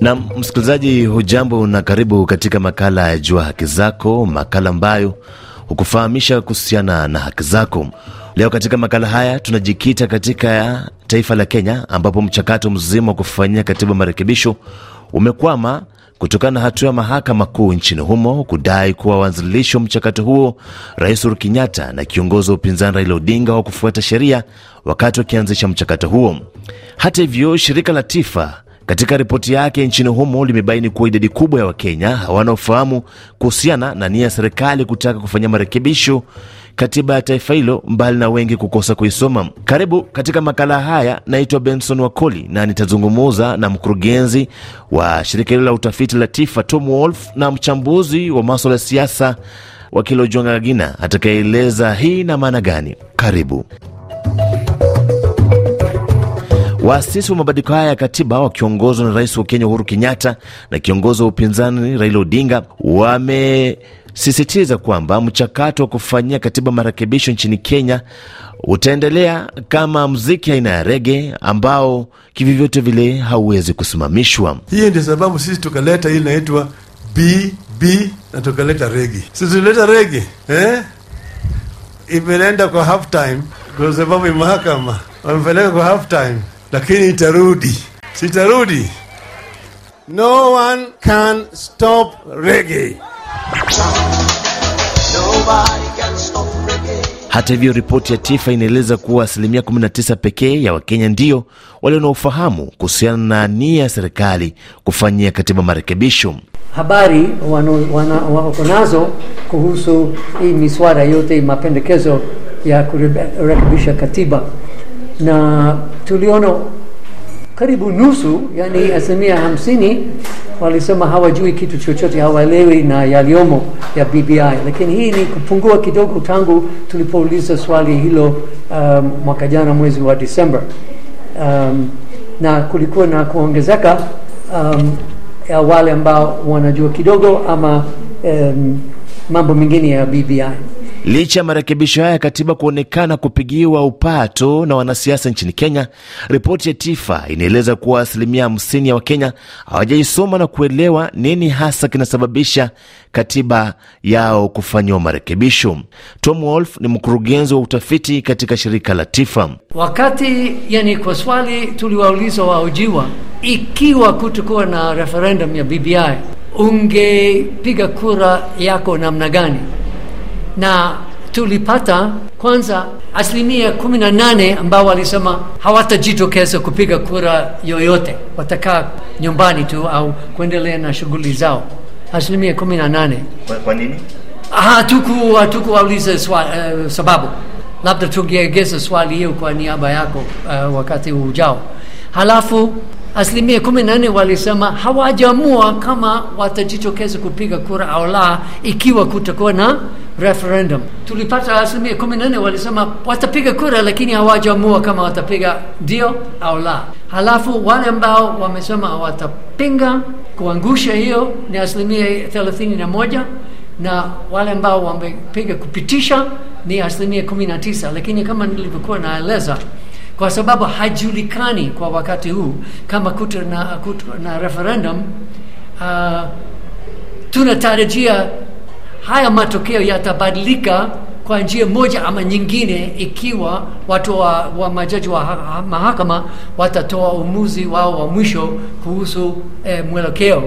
Na msikilizaji, hujambo na karibu katika makala ya Jua Haki Zako, makala ambayo hukufahamisha kuhusiana na haki zako. Leo katika makala haya tunajikita katika taifa la Kenya, ambapo mchakato mzima wa kufanyia katiba marekebisho umekwama kutokana na hatua ya mahakama kuu nchini humo kudai kuwa waanzilishi wa mchakato huo Rais Uhuru Kenyatta na kiongozi wa upinzani Raila Odinga wa kufuata sheria wakati wakianzisha mchakato huo. Hata hivyo, shirika la TIFA katika ripoti yake nchini humo limebaini kuwa idadi kubwa ya Wakenya hawana ufahamu kuhusiana na nia ya serikali kutaka kufanya marekebisho katiba ya taifa hilo, mbali na wengi kukosa kuisoma. Karibu katika makala haya. Naitwa Benson Wakoli na nitazungumuza na mkurugenzi wa shirika hilo la utafiti la TIFA Tom Wolf na mchambuzi wa maswala ya siasa Wakili Ojuanga Gina atakayeeleza hii na maana gani. Karibu. Waasisi wa mabadiliko haya ya katiba wakiongozwa na rais wa Kenya Uhuru Kenyatta na kiongozi wa upinzani Raila Odinga wame sisitiza kwamba mchakato wa kufanyia katiba marekebisho nchini Kenya utaendelea kama mziki aina ya rege ambao kivivyote vile hauwezi kusimamishwa. Hii ndio sababu sisi tukaleta hii inaitwa BB na tukaleta rege. Sisi tulileta rege eh? Imeenda kwa half time kwa sababu mahakama wamepeleka kwa half time, lakini itarudi, sitarudi. No one can stop reggae. Hata hivyo, ripoti ya TIFA inaeleza kuwa asilimia 19 pekee ya Wakenya ndio walio na ufahamu kuhusiana na nia ya serikali kufanyia katiba marekebisho. Habari wako nazo kuhusu hii miswada yote, mapendekezo ya kurekebisha katiba, na tuliona karibu nusu, yani asilimia hamsini walisema hawajui kitu chochote, hawaelewi na yaliyomo ya BBI, lakini hii ni kupungua kidogo tangu tulipouliza swali hilo um, mwaka jana mwezi wa Disemba um, na kulikuwa na kuongezeka um, ya wale ambao wanajua kidogo ama um, mambo mengine ya BBI. Licha ya marekebisho haya ya katiba kuonekana kupigiwa upato na wanasiasa nchini Kenya, ripoti ya TIFA inaeleza kuwa asilimia hamsini ya Wakenya hawajaisoma na kuelewa nini hasa kinasababisha katiba yao kufanyiwa marekebisho. Tom Wolf ni mkurugenzi wa utafiti katika shirika la TIFA. Wakati yani, kwa swali tuliwauliza waojiwa, ikiwa kutokuwa na referendum ya BBI, ungepiga kura yako namna gani? na tulipata kwanza asilimia kumi na nane ambao walisema hawatajitokeza kupiga kura yoyote, watakaa nyumbani tu au kuendelea na shughuli zao. Asilimia kumi na nane. Kwa, nini? Ah, hatuku hatukuwauliza uh, eh, sababu. Labda tungeegeza swali hiyo kwa niaba yako uh, wakati ujao. Halafu asilimia kumi na nne walisema hawajamua kama watajitokeza kupiga kura au la, ikiwa kutakuwa na referendum. Tulipata asilimia kumi na nne walisema watapiga kura, lakini hawajaamua kama watapiga ndio au la. Halafu wale ambao wamesema watapinga kuangusha hiyo ni asilimia thelathini na moja na wale ambao wamepiga kupitisha ni asilimia kumi na tisa lakini kama nilivyokuwa naeleza kwa sababu hajulikani kwa wakati huu kama kuto na, kuto na referendum uh, tunatarajia haya matokeo yatabadilika kwa njia moja ama nyingine, ikiwa watu wa, wa majaji wa mahakama watatoa uamuzi wao wa mwisho kuhusu eh, mwelekeo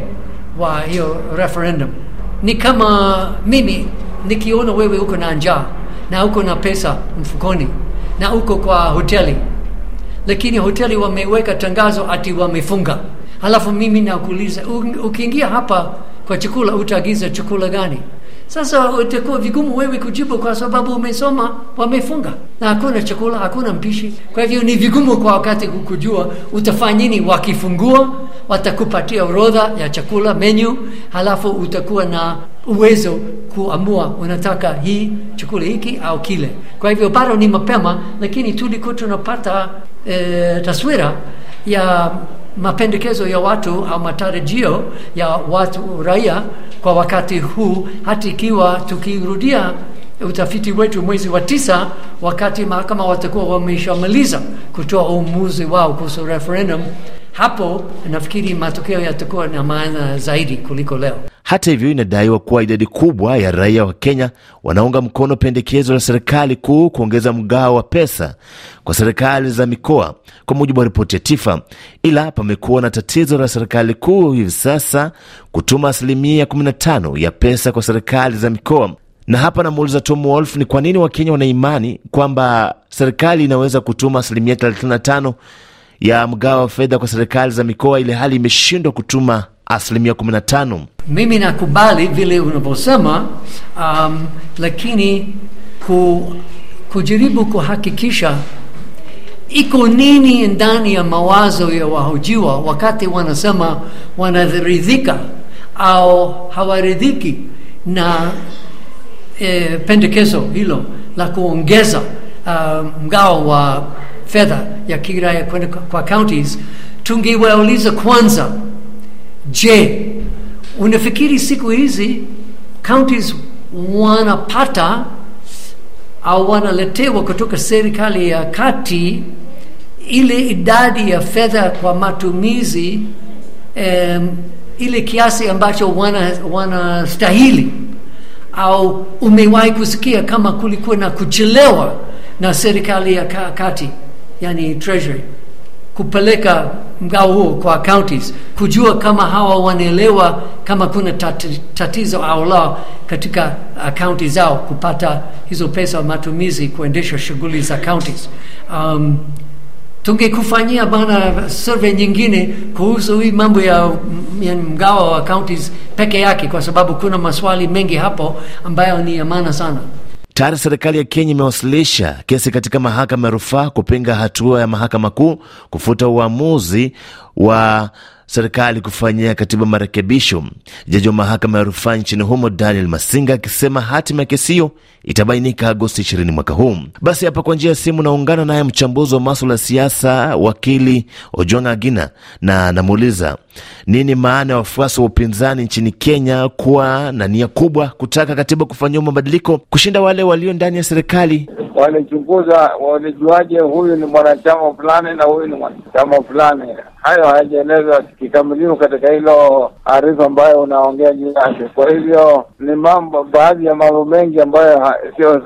wa hiyo referendum. Ni kama mimi nikiona wewe uko na njaa na uko na pesa mfukoni na uko kwa hoteli, lakini hoteli wameweka tangazo ati wamefunga, halafu mimi nakuuliza ukiingia hapa kwa chakula utaagiza chakula gani? Sasa utakuwa vigumu wewe kujibu, kwa sababu umesoma, wamefunga na hakuna chakula, hakuna mpishi. Kwa hivyo ni vigumu kwa wakati kujua utafanya nini. Wakifungua watakupatia orodha ya chakula, menu, halafu utakuwa na uwezo kuamua unataka hii chakula hiki au kile. Kwa hivyo bado ni mapema, lakini tulikuwa tunapata e, taswira ya mapendekezo ya watu au matarajio ya watu raia kwa wakati huu, hata ikiwa tukirudia utafiti wetu mwezi wa tisa, wakati mahakama watakuwa wameshamaliza kutoa uamuzi wao kuhusu referendum, hapo nafikiri matokeo yatakuwa na maana zaidi kuliko leo. Hata hivyo, inadaiwa kuwa idadi kubwa ya raia wa Kenya wanaunga mkono pendekezo la serikali kuu kuongeza mgao wa pesa kwa serikali za mikoa, kwa mujibu wa ripoti ya TIFA. Ila pamekuwa na tatizo la serikali kuu hivi sasa kutuma asilimia 15 ya pesa kwa serikali za mikoa na hapa namuuliza Tom Wolf ni kwa nini Wakenya wanaimani kwamba serikali inaweza kutuma asilimia 35 ya mgao wa fedha kwa serikali za mikoa ile hali imeshindwa kutuma asilimia 15. Mimi nakubali vile unavyosema, um, lakini ku, kujaribu kuhakikisha iko nini ndani ya mawazo ya wahojiwa wakati wanasema wanaridhika au hawaridhiki na e, pendekezo hilo la kuongeza mgao um, mgao wa fedha ya kiraya kwenda kwa counties, tungewauliza kwanza Je, unafikiri siku hizi counties wanapata au wanaletewa kutoka serikali ya kati ile idadi ya fedha kwa matumizi um, ile kiasi ambacho wanastahili wana au umewahi kusikia kama kulikuwa na kuchelewa na serikali ya kati yani treasury kupeleka mgao huo kwa counties kujua kama hawa wanaelewa kama kuna tatizo au la katika kaunti uh, zao kupata hizo pesa matumizi kuendesha shughuli za counties. Um, tungekufanyia bana survey nyingine kuhusu hii mambo ya, mgao mgawa wa counties peke yake, kwa sababu kuna maswali mengi hapo ambayo ni amana sana. Tayari serikali ya Kenya imewasilisha kesi katika mahakama ya rufaa kupinga hatua ya mahakama kuu kufuta uamuzi wa serikali kufanyia katiba marekebisho. Jaji wa mahakama ya rufaa nchini humo Daniel Masinga akisema hatima ya kesi hiyo itabainika Agosti ishirini mwaka huu. Basi hapa kwa njia ya simu naungana naye mchambuzi wa maswala ya siasa wakili Ojwang Agina na namuuliza nini maana ya wafuasi wa upinzani nchini Kenya kuwa na nia kubwa kutaka katiba kufanyiwa mabadiliko kushinda wale walio ndani ya serikali? Walichunguza, walijuaje huyu ni mwanachama fulani na huyu ni mwanachama fulani? Hayo hayajaelezwa kikamilifu katika hilo arifa ambayo unaongea juu yake. Kwa hivyo ni mambo, baadhi ya mambo mengi ambayo sio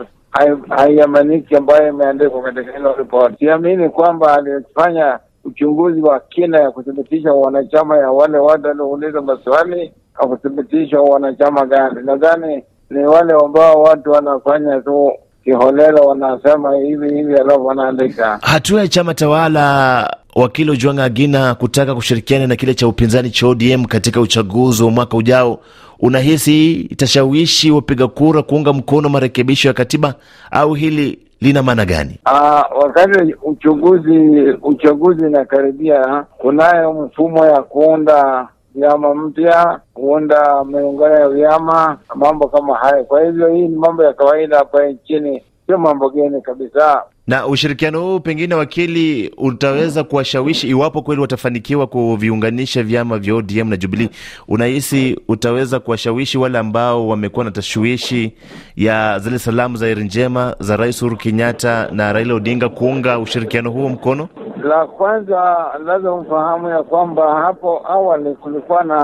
haiamaniki, ambayo imeandikwa katika hilo ripoti. Siamini kwamba aliyefanya uchunguzi wa kina ya kuthibitisha wanachama ya wale watu waliouliza maswali ya kuthibitisha wanachama gani. Nadhani ni wale ambao watu wanafanya tu kiholela, wanasema hivi hivi alafu wanaandika. Hatua ya chama tawala wakili Ojwang Agina kutaka kushirikiana na kile cha upinzani cha ODM katika uchaguzi wa mwaka ujao, unahisi itashawishi wapiga kura kuunga mkono marekebisho ya katiba au hili lina maana gani? Aa, ah, wakati uchaguzi uchaguzi inakaribia, kunayo mfumo ya kuunda vyama mpya, kuunda miungano ya vyama, mambo kama hayo. Kwa hivyo hii ni mambo ya kawaida hapa nchini, sio mambo geni kabisa. Na ushirikiano huu pengine, wakili, utaweza kuwashawishi iwapo kweli watafanikiwa kuviunganisha vyama vya ODM na Jubilee, unahisi utaweza kuwashawishi wale ambao wamekuwa na tashwishi ya zile salamu za heri njema za Rais Uhuru Kenyatta na Raila Odinga kuunga ushirikiano huo mkono? La kwanza lazima mfahamu ya kwamba hapo awali kulikuwa na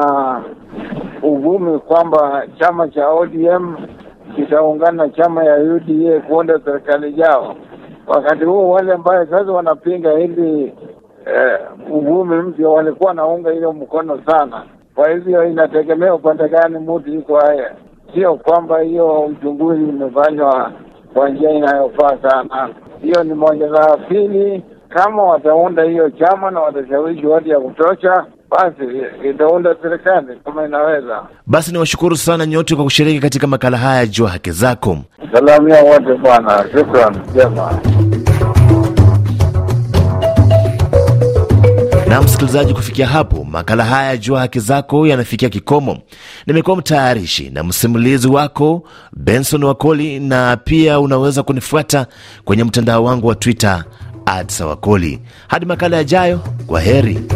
uvumi kwamba chama cha ODM kitaungana na chama ya UDA kuunda serikali yao Wakati huo wale ambaye sasa wanapinga hili eh, uvumi mpya walikuwa naunga hiyo mkono sana. Kwa hivyo inategemea upande gani mutu yuko. Haya, sio kwamba hiyo uchunguzi umefanywa kwa njia inayofaa sana. Hiyo ni moja. La pili, kama wataunda hiyo chama na watashawishi watu ya kutosha, basi itaunda serikali kama inaweza. Basi niwashukuru sana nyote kwa kushiriki katika makala haya Jua Haki Zako. Salamia wote bwana, shukran jema. Na msikilizaji, kufikia hapo makala haya Jua Haki Zako yanafikia kikomo. Nimekuwa mtayarishi na msimulizi wako Benson Wakoli, na pia unaweza kunifuata kwenye mtandao wangu wa Twitter wakoli Hadi makala yajayo, kwa heri.